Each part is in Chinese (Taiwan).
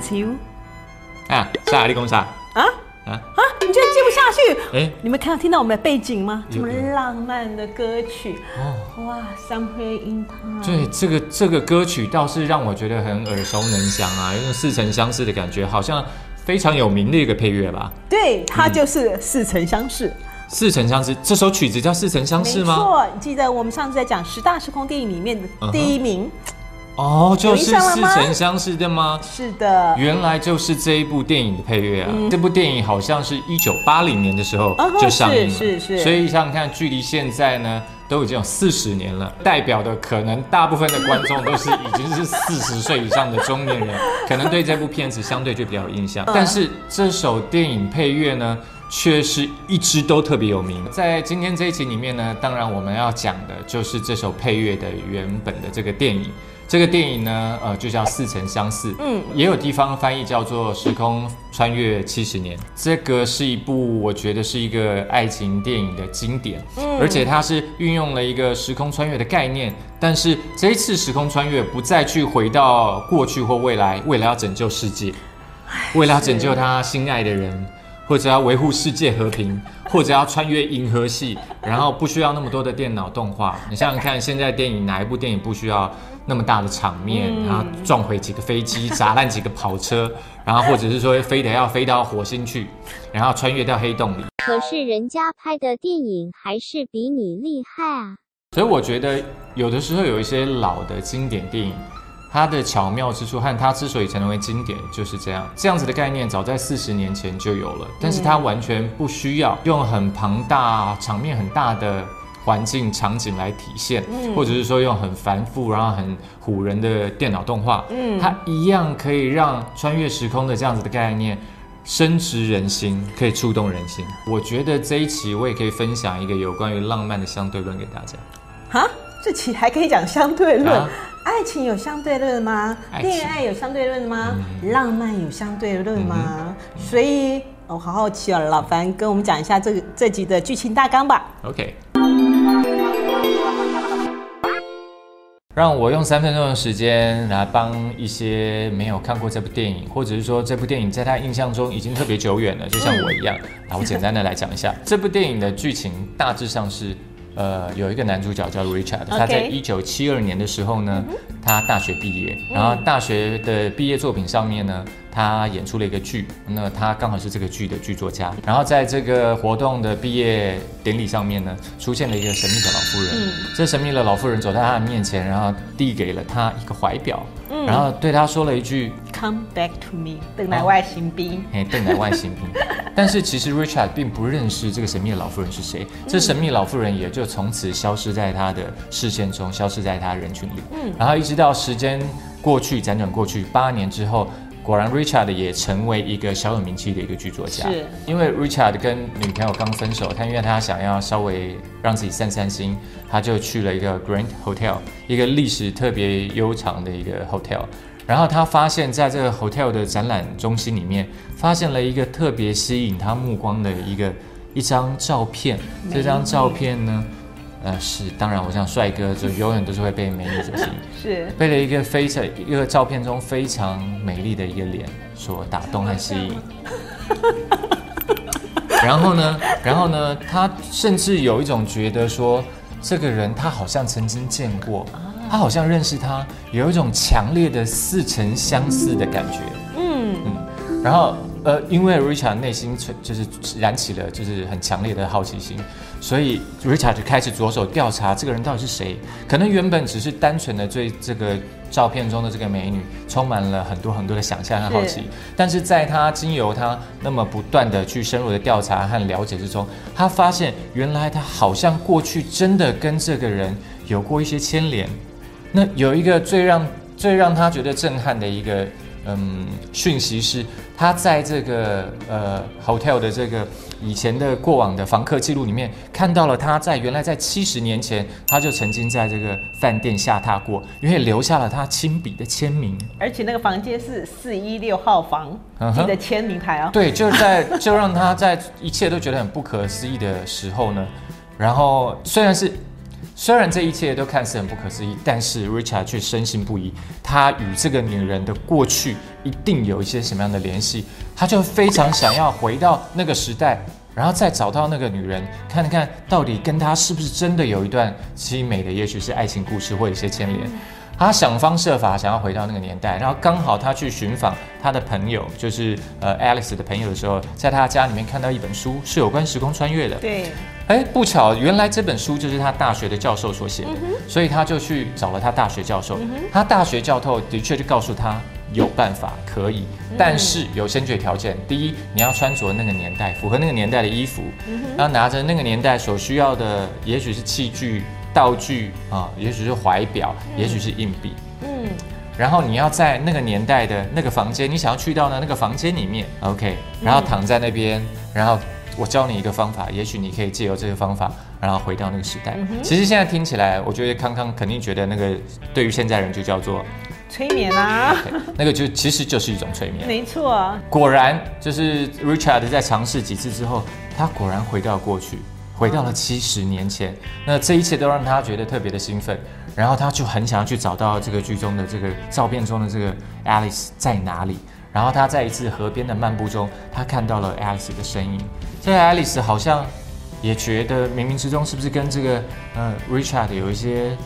球，啊，啥？你跟我，說啥，啊啊，啊，啊你居然接不下去？哎、欸，你們看到聽到我們的背景嗎？這麼浪漫的歌曲！哦、欸，哇 Somewhere in Time。對，這個這個歌曲倒是讓我覺得很耳熟能詳啊，有種似曾相識的感覺，好像非常有名的一個配樂吧？對，它就是似似、嗯《似曾相識》。似曾相識，這首曲子叫《似曾相識》嗎？錯，你記得我們上次在講十大時空電影裡面的第一名。嗯哦，就是似曾相識的嗎？是的，原來就是這一部電影的配樂啊。嗯、這部電影好像是一九八零年的時候就上映了，哦、是是，是。所以像你看，距離現在呢，都已經有四十年了。代表的可能大部分的觀眾都是已經是四十歲以上的中年人，可能對這部片子相對就比較有印象。嗯、但是這首電影配樂呢，卻是一直都特別有名。在今天這一集裡面呢，當然我們要講的就是這首配樂的原本的這個電影。這個電影呢，呃，就叫《似曾相識》，嗯，也有地方翻譯叫做《時空穿越七十年》。這個是一部我覺得是一個愛情電影的經典，嗯，而且它是運用了一個時空穿越的概念。但是這一次時空穿越不再去回到過去或未來，為了要拯救世界，為了要拯救他心愛的人，或者要維護世界和平，或者要穿越銀河系，然後不需要那麼多的電腦動畫。你想想看，現在電影哪一部電影不需要那麼大的場面，然後撞毀幾個飛機、嗯，砸爛幾個跑車，然後或者是說非得要飛到火星去，然後穿越到黑洞裡。可是人家拍的電影還是比你厲害啊！所以我覺得有的時候有一些老的經典電影，它的巧妙之處和它之所以成為經典就是這樣。這樣子的概念早在四十年前就有了，但是它完全不需要用很龐大、場面很大的。環境場景來體現、嗯，或者是說用很繁複然後很唬人的電腦動畫，嗯，它一樣可以讓穿越時空的這樣子的概念深植人心，可以觸動人心。我覺得這一期我也可以分享一個有關於浪漫的相對論給大家。啊，這期還可以講相對論？啊、愛情有相對論嗎？戀愛有相對論嗎？嗯、浪漫有相對論嗎？嗯嗯嗯、所以我好好奇啊，老樊跟我們講一下這個這集的劇情大綱吧。OK。讓我用三分鐘的時間來幫一些沒有看過這部電影，或者是說這部電影在他印象中已經特別久遠了，就像我一樣。我簡單的來講一下 這部電影的劇情，大致上是，呃，有一個男主角叫 Richard，Okay. 他在一九七二年的時候呢，他大學畢業，然後大學的畢業作品上面呢。他演出了一個劇，那他剛好是這個劇的劇作家。然後在這個活動的畢業典禮上面呢，出現了一個神秘的老婦人。嗯。這神秘的老婦人走到他的面前，然後遞給了他一個懷表，嗯、然後對他說了一句：“Come back to me。”鄧乃外星兵。哦、鄧乃外星兵。 但是其實 Richard 並不認識這個神秘的老婦人是誰。這神秘的老婦人也就從此消失在他的視線中，消失在他人群裡。嗯。然後一直到時間過去，輾轉過去八年之後。果然，Richard 也成為一個小有名氣的一個劇作家。是，因為 Richard 跟女朋友剛分手，他因為他想要稍微讓自己散散心，他就去了一個 Grand Hotel，一個歷史特別悠長的一個 hotel。然後他發現，在這個 hotel 的展覽中心裡面，發現了一個特別吸引他目光的一個一張照片。這張照片呢？呃，是，當然，我像帥哥就永遠都是會被美女所吸引， 是被了一個非常一個照片中非常美麗的一個臉所打動和吸引。然後呢，然後呢，他甚至有一種覺得說，這個人他好像曾經見過，他好像認識他，有一種強烈的似曾相識的感覺。嗯嗯，然後呃，因為 Richard 內心就是燃起了就是很強烈的好奇心。所以，Richard 開始着手調查這個人到底是誰？可能原本只是單純的對這個照片中的這個美女充滿了很多很多的想象和好奇，但是在他經由他那麼不斷的去深入的調查和了解之中，他發現原來他好像過去真的跟這個人有過一些牽連。那有一個最讓最讓他覺得震撼的一個嗯訊息是，他在這個呃 hotel 的這個。以前的過往的房客記錄裡面看到了他在原來在七十年前他就曾經在這個飯店下榻過，因為留下了他親筆的簽名，而且那個房間是四一六號房，你的簽名牌哦，對，就是在就讓他在一切都覺得很不可思議的時候呢， 然後雖然是。雖然這一切都看似很不可思議，但是 Richard 卻深信不疑，他與這個女人的過去一定有一些什麼樣的聯繫，他就非常想要回到那個時代，然後再找到那個女人，看看到底跟她是不是真的有一段凄美，美的，也許是愛情故事或一些牽連、嗯。他想方設法想要回到那個年代，然後剛好他去尋訪他的朋友，就是呃 Alex 的朋友的時候，在他家裡面看到一本書，是有關時空穿越的。對。哎，不巧，原來這本書就是他大學的教授所寫的，嗯、所以他就去找了他大學教授。嗯、他大學教授的確就告訴他有辦法可以、嗯，但是有先決條件：第一，你要穿着那個年代符合那個年代的衣服；然後、嗯、拿着那個年代所需要的，也許是器具、道具啊，也許是懷錶、嗯，也許是硬幣。嗯，然後你要在那個年代的那個房間，你想要去到的那個房間裡面、嗯、OK，然後躺在那邊，嗯、然後。我教你一個方法，也許你可以借由這個方法，然後回到那個時代。嗯。其實現在聽起來，我覺得康康肯定覺得那個對於現在人就叫做催眠啊。Okay, 那個就其實就是一種催眠。沒錯啊。果然就是 Richard 在嘗試幾次之後，他果然回到過去，回到了七十年前。嗯。那這一切都讓他覺得特別的興奮，然後他就很想要去找到這個劇中的這個照片中的這個 Alice 在哪裡。然後他在一次河邊的漫步中，他看到了 Alice 的身影。現在 Alice 好像也覺得冥冥之中是不是跟這個呃 Richard 有一些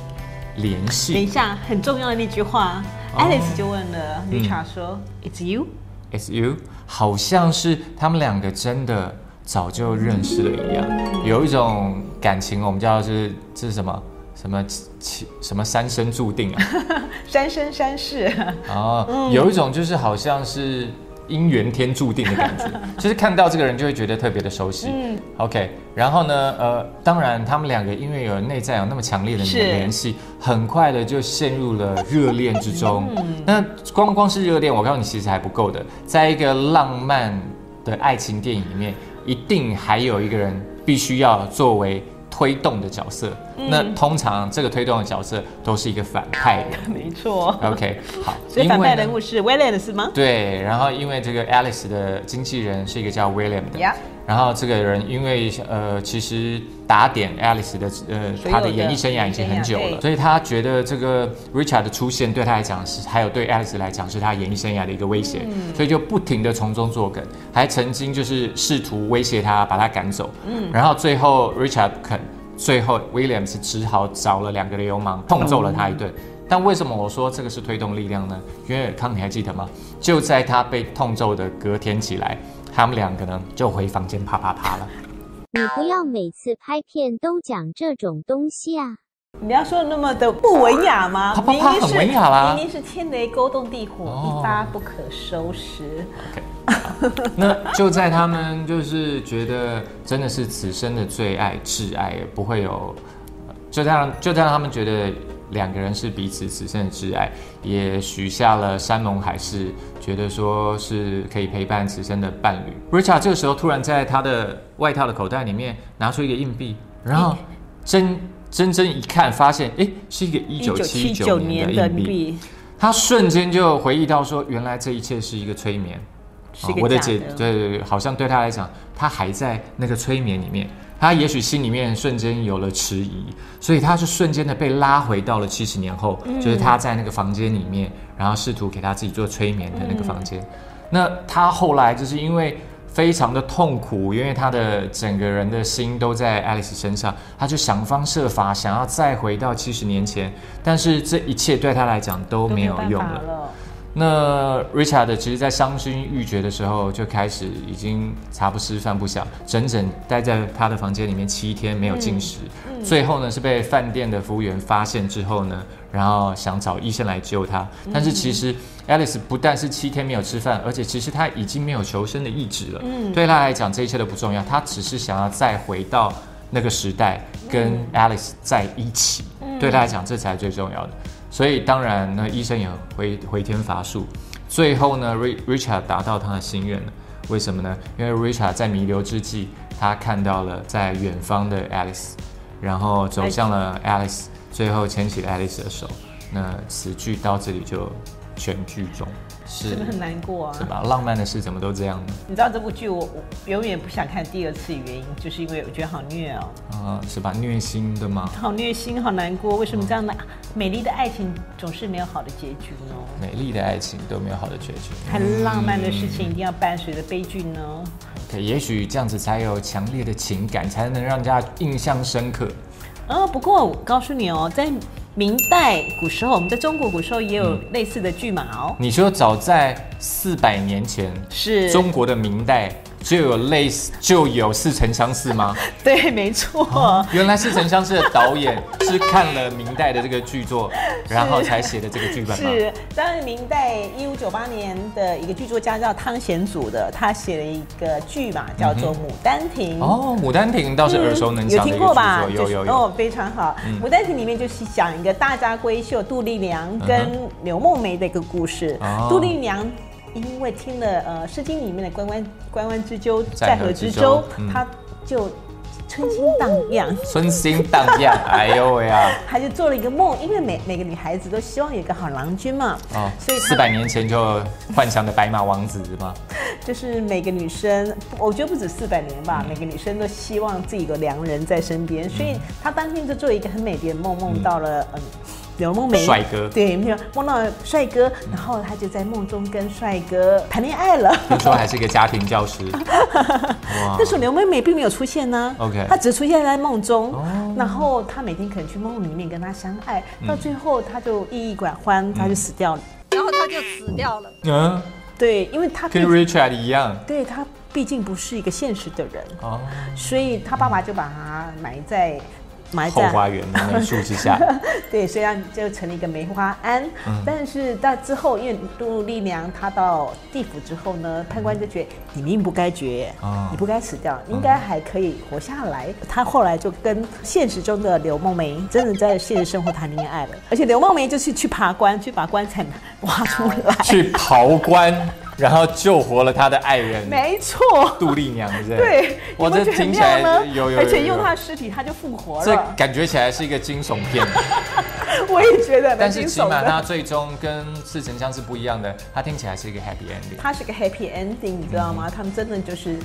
聯繫？等一下，很重要的那句話，oh，Alice 就問了 Richard 說，嗯：“It's you, it's you。”好像是他們兩個真的早就認識了一樣，有一種感情，我們叫做是這是什麼？什麼七什麼三生注定啊？ 三生三世、啊啊嗯、有一種就是好像是姻緣天注定的感覺， 就是看到這個人就會覺得特別的熟悉、嗯。OK，然後呢，呃，當然他們兩個因為有內在有那麼強烈的聯繫，很快的就陷入了熱戀之中。 那光光是熱戀，我告訴你其實還不夠的，在一個浪漫的愛情電影裡面，一定還有一個人必須要作為。推動的角色、嗯，那通常這個推動的角色都是一個反派的，沒錯。OK，好，所以反派人物是 William 是嗎？對，然後因為這個 Alice 的經紀人是一個叫 William 的。Yeah. 然後這個人因為呃，其實打點 Alice 的呃，他的演藝生涯已經很久了，所以他覺得這個 Richard 的出現對他來講是，還有對 Alice 來講是他演藝生涯的一個威脅，嗯，所以就不停的從中作梗，還曾經就是試圖威脅他，把他趕走，嗯，然後最後 Richard 不肯，最後 Williams 只好找了兩個流氓痛揍了他一頓，嗯，但為什麼我說這個是推動力量呢？因為康你還記得嗎？就在他被痛揍的隔天起來。他們兩個呢，就回房間啪啪啪了。你不要每次拍片都講這種東西啊！你要說的那麼的不文雅嗎？啪啪啪很文雅啦，明明是天雷勾動地火，哦，一發不可收拾。Okay. 那就在他們就是覺得真的是此生的最愛、摯愛，也不會有，就在就在他們覺得兩個人是彼此此生的摯愛，也許下了山盟海誓。覺得說是可以陪伴此生的伴侶，Richard 這個時候突然在他的外套的口袋裡面拿出一個硬幣，然後真真正一看，發現哎、欸、是一個一九七九年的硬幣，他瞬間就回憶到說，原來這一切是一個催眠，的我的姐，對，對，對，好像對他來講，他還在那個催眠裡面。他也許心裡面瞬間有了遲疑，所以他是瞬間的被拉回到了七十年後，嗯，就是他在那個房間裡面，然後試圖給他自己做催眠的那個房間，嗯。那他後來就是因為非常的痛苦，因為他的整個人的心都在愛麗絲身上，他就想方設法想要再回到七十年前，但是這一切對他來講都沒有用了。那 Richard 其實，在傷心欲絕的時候，就開始已經茶不思飯不想，整整待在他的房間裡面七天沒有進食。嗯嗯。最後呢，是被飯店的服務員發現之後呢，然後想找醫生來救他。但是其實 Alice 不但是七天沒有吃飯，而且其實他已經沒有求生的意志了。嗯，對他來講，這一切都不重要，他只是想要再回到那個時代，跟 Alice 在一起。嗯，對他來講，這才是最重要的。所以當然，那醫生也回回天乏術。最後呢，Rich Richard 達到他的心願了。為什麼呢？因為 Richard 在彌留之際，他看到了在遠方的 Alice，然後走向了 Alice，、哎、最後牽起了 Alice 的手。那此劇到這裡就全劇終。是，是不是很難過啊？是吧？浪漫的事怎麼都這樣呢？你知道這部劇我我永遠不想看第二次原因，就是因為我覺得好虐哦，啊、嗯，是吧？虐心對嗎？好虐心，好難過。為什麼這樣的美麗的愛情總是沒有好的結局呢、哦嗯？美麗的愛情都沒有好的結局，很浪漫的事情一定要伴隨着悲劇呢？對、嗯，okay, 也許這樣子才有強烈的情感，才能讓人家印象深刻。嗯、不過我告訴你哦，在。明代古時候，我們的中國古時候也有類似的巨蟒。哦。嗯、你說，早在四百年前，是中國的明代。就有類似，就有似曾相識嗎？ 對，沒錯、哦。原來似曾相識的導演是看了明代的這個劇作， 然後才寫的這個劇本是，是，當時明代一五九八年的一個劇作家叫湯顯祖的，他寫了一個劇嘛，叫做《牡丹亭》。嗯。哦，《牡丹亭》倒是耳熟能詳、嗯、有聽過吧？有有有、就是。哦，非常好，嗯，《牡丹亭》裡面就是講一個大家閨秀杜麗娘跟柳夢梅的一個故事。嗯、杜麗娘。因為聽了呃《詩經》裡面的關關“關關關關雎鳩，在河之洲，嗯”，他就春心蕩漾，嗯。春心蕩漾， 哎呦喂，哎、啊！他就做了一個夢，因為每每個女孩子都希望有一個好郎君嘛，哦、所以四百年前就幻想的白馬王子嘛。就是每個女生，我覺得不止四百年吧、嗯，每個女生都希望自己有個良人在身邊，所以他當天就做一個很美的夢，夢到了嗯。嗯劉夢梅，帥哥，對，夢到帥哥，然後他就在夢中跟帥哥談戀愛了。聽說還是一個家庭教師。哇，但是劉夢梅並沒有出現呢、啊。OK，他只出現在夢中，oh. 然後他每天可能去夢裡面跟他相愛，oh. 到最後他就鬱鬱寡歡，oh. 他就死掉了、嗯。然後他就死掉了。嗯、uh.，對，因為他跟 Richard 一樣。對他畢竟不是一個現實的人，oh. 所以他爸爸就把他埋在，後花園梅樹之下， 對，雖然就成了一個梅花庵，嗯，但是到之後，因為杜麗娘她到地府之後呢，判官就覺得你命不該絕，哦，你不該死掉，應該還可以活下來。嗯，她後來就跟現實中的柳夢梅真的在現實生活談戀愛了，而且柳夢梅就是去爬棺，去把棺材挖出來，去刨棺。 然後救活了他的愛人，沒錯，杜麗娘是不是對？我這聽起來呢有，有，有有，而且用他的屍體他就復活了，這感覺起來是一個驚悚片。 我也覺得，但是起碼他最終跟《似曾相識》是不一樣的，他聽起來是一個 happy ending。他是個 happy ending，你知道嗎？嗯嗯他們真的就是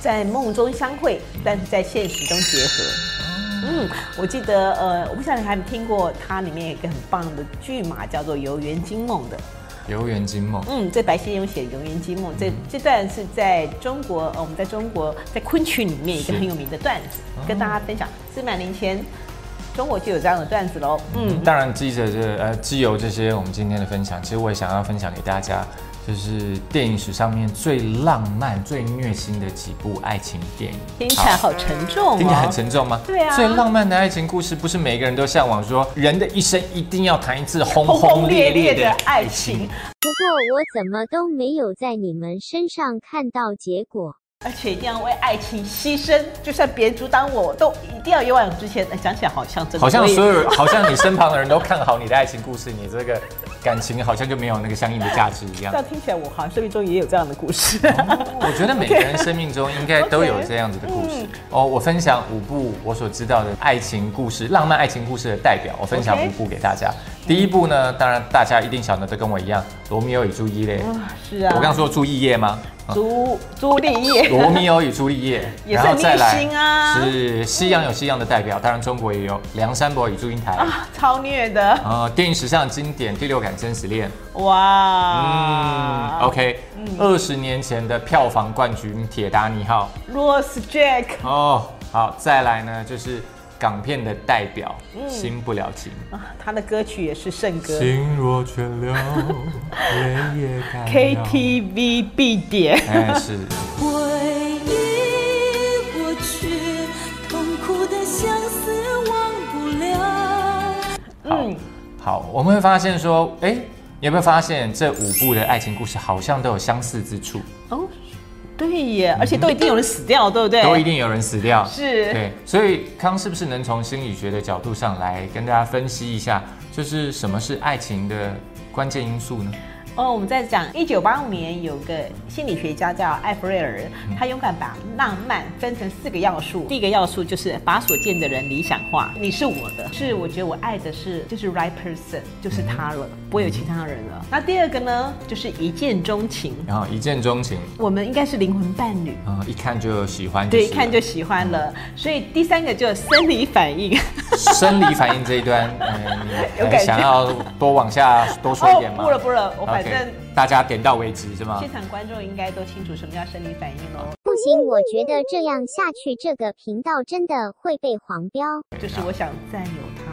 在夢中相會，但是在現實中結合。嗯，嗯我記得呃，我不曉得你還沒聽過它裡面一個很棒的劇碼，叫做《遊園驚夢》的。《遊園驚夢》嗯，這白先勇寫《遊園驚夢》，這這段是在中國，呃、哦，我們在中國在昆曲裡面一個很有名的段子，跟大家分享。四百年前。中國就有這樣的段子嘍、嗯。嗯，當然記者、呃，記着這呃，自由這些我們今天的分享，其實我也想要分享給大家，就是電影史上面最浪漫、最虐心的幾部愛情電影。聽起來好沉重、哦，聽起來很沉重嗎？對啊。最浪漫的愛情故事，不是每個人都向往說，人的一生一定要談一次轟轟烈烈的愛情。不過我怎麼都沒有在你們身上看到結果。而且一定要為愛情犧牲，就算別人阻擋我，都一定要勇往直前。哎，想起來好像真的，好像所有，好像你身旁的人都看好你的愛情故事， 你這個感情好像就沒有那個相應的價值一樣。這樣聽起來，我好像生命中也有這樣的故事。哦，我覺得每個人生命中應該都有這樣子的故事哦。Okay. Okay. Oh, 我分享五部我所知道的愛情故事，浪漫愛情故事的代表，我分享五部給大家。Okay. 第一部呢、嗯，當然大家一定想的都跟我一樣，嗯，《羅密歐與朱麗葉》嗯。是啊。我剛剛說朱麗葉嗎？朱朱麗葉。羅密歐與朱麗葉、啊。然後再來。是西洋有西洋的代表、嗯，當然中國也有《梁山伯與祝英台》。啊，超虐的。啊、嗯，電影史上經典，《第六感真實戀》。哇。嗯。OK 嗯。二十年前的票房冠軍，《鐵達尼號》。Rose Jack。哦，好，再來呢，就是。港片的代表《新、嗯、不了情》啊，他的歌曲也是聖歌，心若倦了，淚也乾了，K T V 必點，哎、是。回憶過去，痛苦的相思忘不了。嗯好，好，我們會發現說，哎、欸，你有沒有發現這五部的愛情故事好像都有相似之處？哦。對耶，而且都一定有人死掉，嗯，對不對？都一定有人死掉，是。對，所以康是不是能從心理學的角度上來跟大家分析一下，就是什麼是愛情的關鍵因素呢？哦、oh,，我們在講一九八五年有個心理學家叫艾弗瑞爾、嗯，他勇敢把浪漫分成四個要素。第一個要素就是把所見的人理想化，你是我的，是我覺得我愛的是就是 right person，就是他了，嗯、不會有其他的人了、嗯。那第二個呢，就是一見鍾情。然、哦、後一見鍾情，我們應該是靈魂伴侶啊、嗯，一看就喜歡就，對，一看就喜歡了。嗯、所以第三個就是生理反應， 生理反應這一端，嗯、哎哎，有感覺、想要多往下多說一點嗎？不、哦、了不了，我。反、okay, 正，大家點到為止是嗎？現場觀眾應該都清楚什麼叫生理反應嘍。不行，我覺得這樣下去，這個頻道真的會被黃標。就是我想占有它。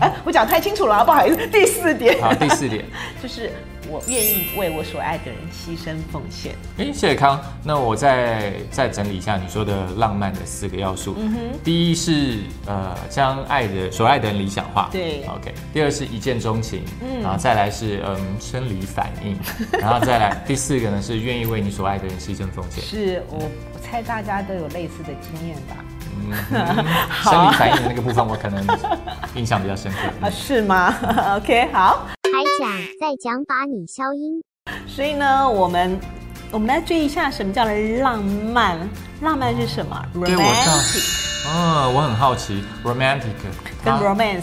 哎、啊，我講太清楚了啊，不好意思。第四點，好，第四點 就是我願意為我所愛的人犧牲奉獻。哎，謝康，那我再再整理一下你說的浪漫的四個要素。嗯哼，第一是呃將愛的所愛的人理想化。對，OK。第二是一見鍾情。嗯，然後再來是嗯生理反應。然後再來， 第四個呢是願意為你所愛的人犧牲奉獻。是我,、嗯、我猜大家都有類似的經驗吧？生理反應的那個部分，我可能印象比較深刻。 啊、是嗎？OK，好，還講再講，把你消音。所以呢，我們我們來追一下什麼叫浪漫？浪漫是什麼？Romantic 我、嗯。我很好奇，Romantic。跟 Romance。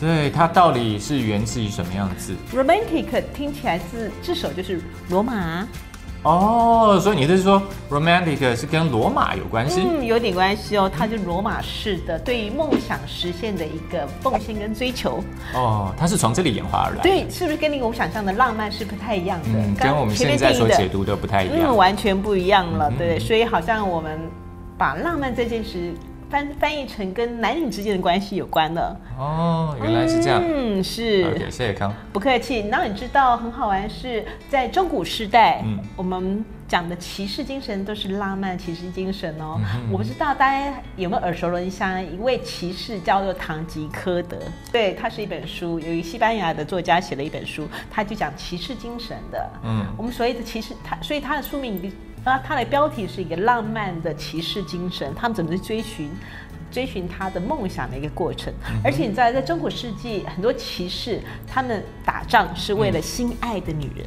對，它到底是源自於什麼樣子？Romantic 聽起來是至少就是羅馬。哦，所以你是說，romantic 是跟羅馬有關係？嗯，有點關係哦，它就羅馬式的對於夢想實現的一個奉獻跟追求。哦，它是從這裡演化而來的。對，是不是跟你我想象的浪漫是不太一樣的？嗯、跟我們現在所解讀的不太一樣，完全不一樣了、嗯，對，所以好像我們把浪漫這件事。翻翻譯成跟男女之間的關係有關了哦，原來是這樣。嗯，是。謝謝康。不客氣。那你知道很好玩是，在中古時代、嗯，我們講的騎士精神都是浪漫騎士精神哦，嗯哼嗯哼。我不知道大家有沒有耳熟能詳一,一位騎士叫做唐吉柯德。對，他是一本書，由一西班牙的作家寫了一本書，他就講騎士精神的。嗯，我們所謂的騎士，他所以他的書名。他的標題是一個浪漫的騎士精神，他們怎麼去追尋，追尋他的夢想的一個過程。嗯、而且你知道，在中古世紀，很多騎士他們打仗是為了心愛的女人。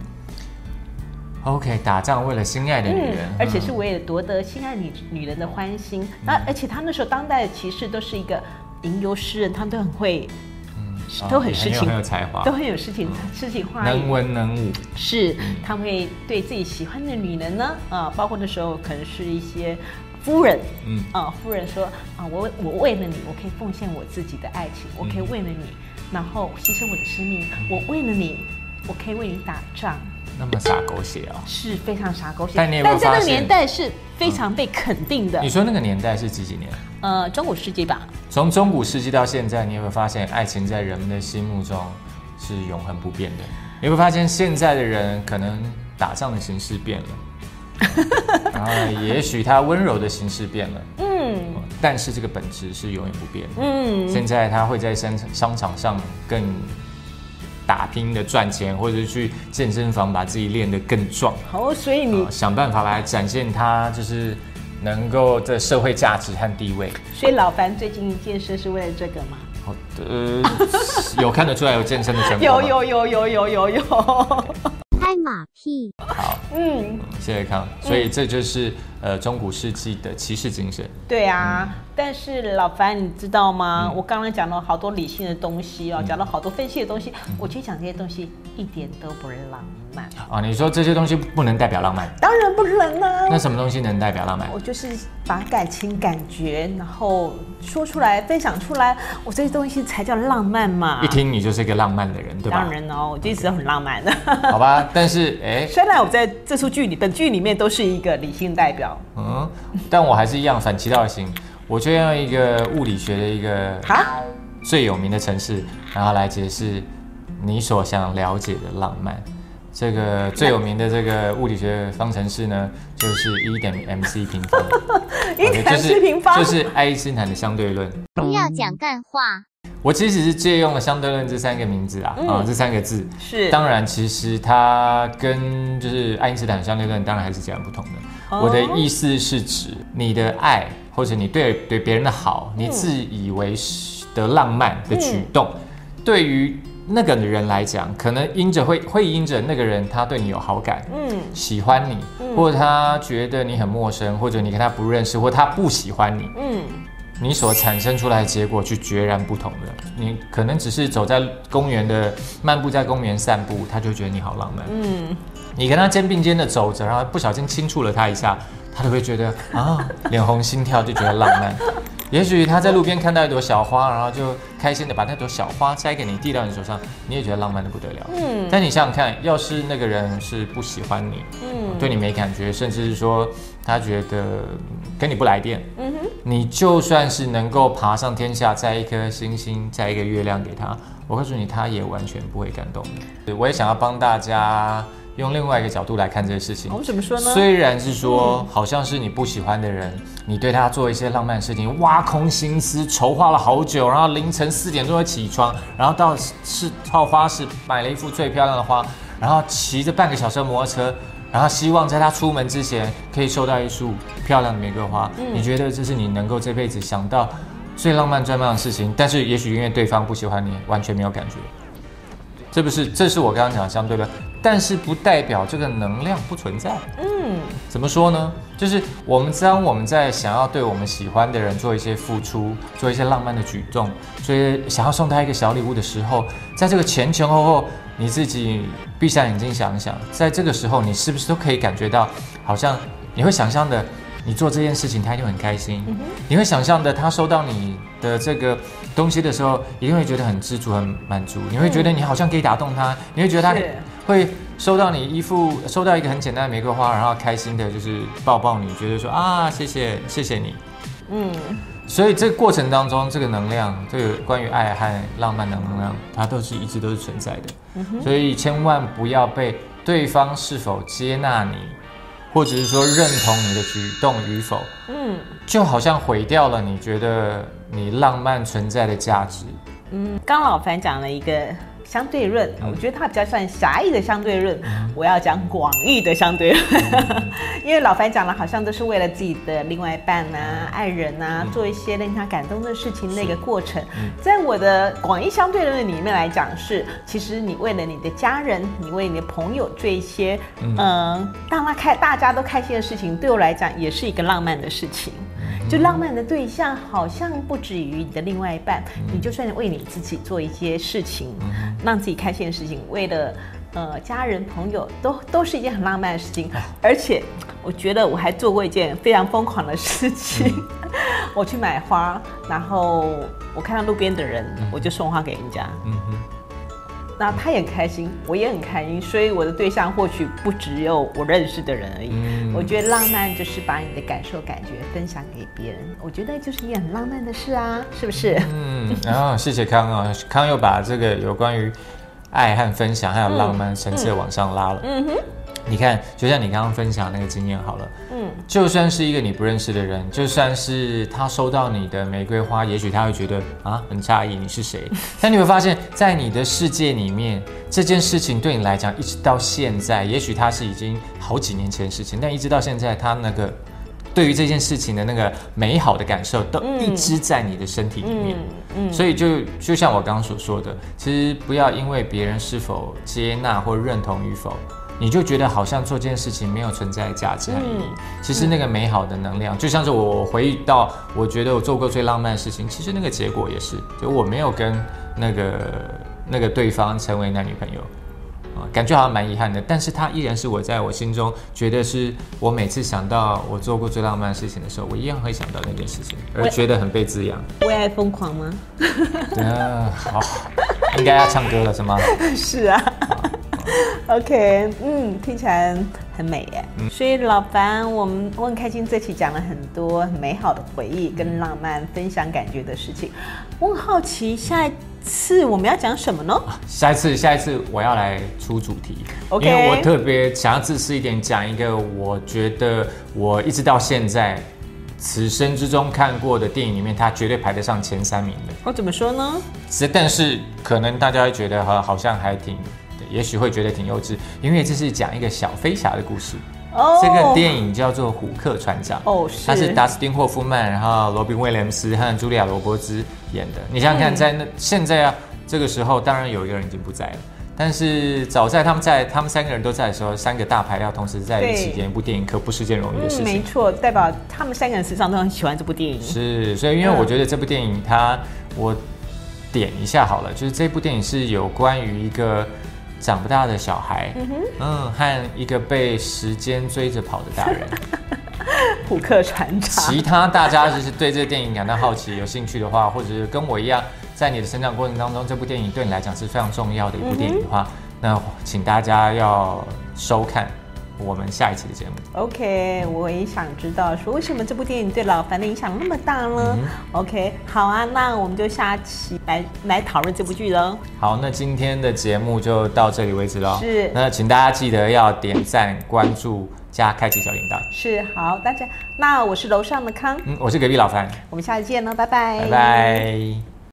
嗯、OK，打仗為了心愛的女人，嗯、而且是為了奪得心愛女、嗯、女人的歡心。那而且他們那時候，當代的騎士都是一個吟遊詩人，他們都很會。哦、都很詩情很、很，都很有才華，都很有詩情，詩、嗯、情畫意，能文能武。是，嗯、他會對自己喜歡的女人呢，啊、呃，包括那時候可能是一些夫人，嗯，啊、呃，夫人說，啊、呃，我我為了你，我可以奉獻我自己的愛情、嗯，我可以為了你，然後犧牲我的生命，嗯、我為了你，我可以為你打仗，那麼傻狗血啊！是非常傻狗血，但你也不但那個年代是非常被肯定的，嗯。你說那個年代是幾幾年？呃，中古世紀吧。從中古世紀到現在，你有沒有發現愛情在人們的心目中是永恆不變的？你會發現現在的人可能打仗的形式變了， 然後也許他溫柔的形式變了，嗯，但是這個本質是永遠不變的，嗯。現在他會在商商場上更。打拼的賺錢，或者去健身房把自己練得更壯。好、oh,，所以你、呃、想辦法來展現他就是能夠在社會價值和地位。所以老樊最近健身是為了這個嗎？好、呃、的， 有看得出來有健身的成果 有。有有有有有有有。有有有有 拍馬屁，好、嗯，嗯，謝謝康，嗯、所以這就是呃中古世紀的騎士精神。對啊，嗯、但是老樊你知道嗎？嗯、我剛剛講了好多理性的東西哦，講、嗯、了好多分析的東西，嗯、我覺得講這些東西一點都不浪。啊、哦，你說這些東西不能代表浪漫？當然不能啊。那什麼東西能代表浪漫？我就是把感情、感覺，然後說出來、分享出來，我這些東西才叫浪漫嘛！一聽你就是一個浪漫的人，人哦、對吧？浪漫哦，我就一直都很浪漫的。好吧，但是哎、欸，雖然我在這出劇裡、本劇裡面都是一個理性代表，嗯，但我還是一樣反其道而行。我就要用一個物理學的一個，最有名的城市，然後來解釋你所想了解的浪漫。這個最有名的這個物理學方程式呢，就是 E 等於 m c 平方，E m c 平方，就是愛因斯坦的相對論。不要講幹話，我其實是借用了相對論這三個名字啊啊、嗯，這三個字是。當然，其實它跟就是愛因斯坦相對論當然還是截然不同的、哦。我的意思是指你的愛，或者你對對別人的好，你自以為是的浪漫、嗯、的舉動，對於。那個人來講，可能因着會會因着那個人他對你有好感，嗯，喜歡你，或者他覺得你很陌生，或者你跟他不認識，或他不喜歡你，嗯，你所產生出來的結果是截然不同的。你可能只是走在公園的漫步，在公園散步，他就覺得你好浪漫，嗯，你跟他肩並肩的走着，然後不小心輕觸了他一下，他都會覺得啊，臉紅心跳，就覺得浪漫。 也許他在路邊看到一朵小花，然後就開心地把那朵小花摘給你，遞到你手上，你也覺得浪漫得不得了。嗯，但你想想看，要是那個人是不喜歡你，嗯，對你沒感覺，甚至是說他覺得跟你不來電，嗯哼，你就算是能夠爬上天下摘一顆星星，摘一個月亮給他，我告訴你，他也完全不會感動的。對，我也想要幫大家。用另外一個角度來看這些事情，我們怎麼說呢？雖然是說、嗯，好像是你不喜歡的人，你對他做一些浪漫的事情，挖空心思籌劃了好久，然後凌晨四點鐘就起床，然後到市市花市買了一束最漂亮的花，然後騎着半個小時的摩托車，然後希望在他出門之前可以收到一束漂亮的玫瑰花、嗯。你覺得這是你能夠這輩子想到最浪漫、最浪漫的事情？但是也許因為對方不喜歡你，完全沒有感覺。這不是？這是我剛剛講的相對的。但是不代表這個能量不存在。嗯，怎麼說呢？就是我們當我們在想要對我們喜歡的人做一些付出，做一些浪漫的舉動，所以想要送他一個小禮物的時候，在這個前前後後，你自己閉上眼睛想一想，在這個時候，你是不是都可以感覺到，好像你會想象的。你做這件事情，他就很開心。嗯、你會想象的，他收到你的這個東西的時候，一定會覺得很知足、很滿足。你會覺得你好像可以打動他，你會覺得他會收到你一副，收到一個很簡單的玫瑰花，然後開心的就是抱抱你，覺得說啊，謝謝，謝謝你。嗯，所以這個過程當中，這個能量，這個關於愛和浪漫的能量，它都是一直都是存在的。嗯、所以千萬不要被對方是否接納你，或者是說認同你的舉動與否，嗯，就好像毀掉了你覺得你浪漫存在的價值。嗯，剛老樊講了一個。相對論、嗯，我覺得它比較算狹義的相對論。嗯、我要講廣義的相對論，嗯、 因為老樊講了好像都是為了自己的另外一半啊、愛人啊，嗯、做一些令他感動的事情那個過程、嗯。在我的廣義相對論裡面來講是，是其實你為了你的家人，你為你的朋友做一些，嗯，讓、呃、他開大家都開心的事情，對我來講也是一個浪漫的事情。就浪漫的對象好像不止於你的另外一半，嗯、你就算為你自己做一些事情，嗯、讓自己開心的事情，為了呃家人朋友都都是一件很浪漫的事情。而且我覺得我還做過一件非常瘋狂的事情，嗯、 我去買花，然後我看到路邊的人，嗯、我就送花給人家。嗯嗯。那他也開心，我也很開心，所以我的對象或許不只有我認識的人而已。嗯。我覺得浪漫就是把你的感受、感覺分享給別人，我覺得就是一件很浪漫的事啊，是不是？嗯，然、哦、後謝謝康啊，哦，康又把這個有關於愛和分享還有浪漫層次的往上拉了。嗯，嗯，嗯哼。你看，就像你剛剛分享的那個經驗好了，嗯，就算是一個你不認識的人，就算是他收到你的玫瑰花，也許他會覺得啊，很詫異你是誰？ 但你會發現，在你的世界裡面，這件事情對你來講一直到現在，也許他是已經好幾年前的事情，但一直到現在，他那個對於這件事情的那個美好的感受都一直在你的身體裡面。嗯，嗯，所以就就像我剛剛所說的，其實不要因為別人是否接納或認同與否，你就覺得好像做這件事情沒有存在價值和意義。義、嗯。其實那個美好的能量，嗯、就像是我回憶到，我覺得我做過最浪漫的事情，其實那個結果也是，就我沒有跟那個那個對方成為男女朋友，啊，感覺好像蠻遺憾的。但是它依然是我在我心中覺得是我每次想到我做過最浪漫的事情的時候，我一樣會想到那件事情，我覺得很被滋養。為愛瘋狂嗎？嗯、 啊，好、哦，應該要唱歌了是嗎？是啊。啊 OK，嗯，聽起來很美耶。嗯、所以老樊，我們我很開心這期講了很多美好的回憶跟浪漫，分享感覺的事情。我很好奇，下一次我們要講什麼呢？下一次，下一次我要來出主題。OK，因為我特別想要自私一點，講一個我覺得我一直到現在此生之中看過的電影裡面，它絕對排得上前三名的。我、哦、怎麼說呢？但是可能大家會覺得，哈，好像還挺。也許會覺得挺幼稚，因為這是講一個小飛俠的故事。哦、oh,，這個電影叫做《虎克船長》，哦、oh,，它是達斯汀霍夫曼，然後羅賓威廉斯和茱莉亞羅伯茲演的。你想想看，在那、嗯、現在啊，這個時候，當然有一個人已經不在了。但是早在他們在他們三個人都在的時候，三個大牌要同時在一起演一部電影，可不是件容易的事情。嗯、沒錯，代表他們三個人實際上都很喜歡這部電影。是，所以因為我覺得這部電影它、嗯，它我點一下好了，就是這部電影是有關於一個。長不大的小孩嗯哼，嗯，和一個被時間追着跑的大人，虎 克船長。其他大家就是對這個電影感到好奇，有興趣的話，或者是跟我一樣，在你的成長過程當中，這部電影對你來講是非常重要的一部電影的話，嗯、那請大家要收看我們下一期的節目。OK，我也想知道說為什麼這部電影對老樊的影響那麼大呢？嗯。OK，好啊，那我們就下期來來討論這部劇咯。好，那今天的節目就到這裡為止了。是。那請大家記得要點贊、關注、加開啟小鈴鐺。是，好，大家。那我是樓上的康，嗯，我是隔壁老樊。我們下次見嘍，拜拜。拜拜。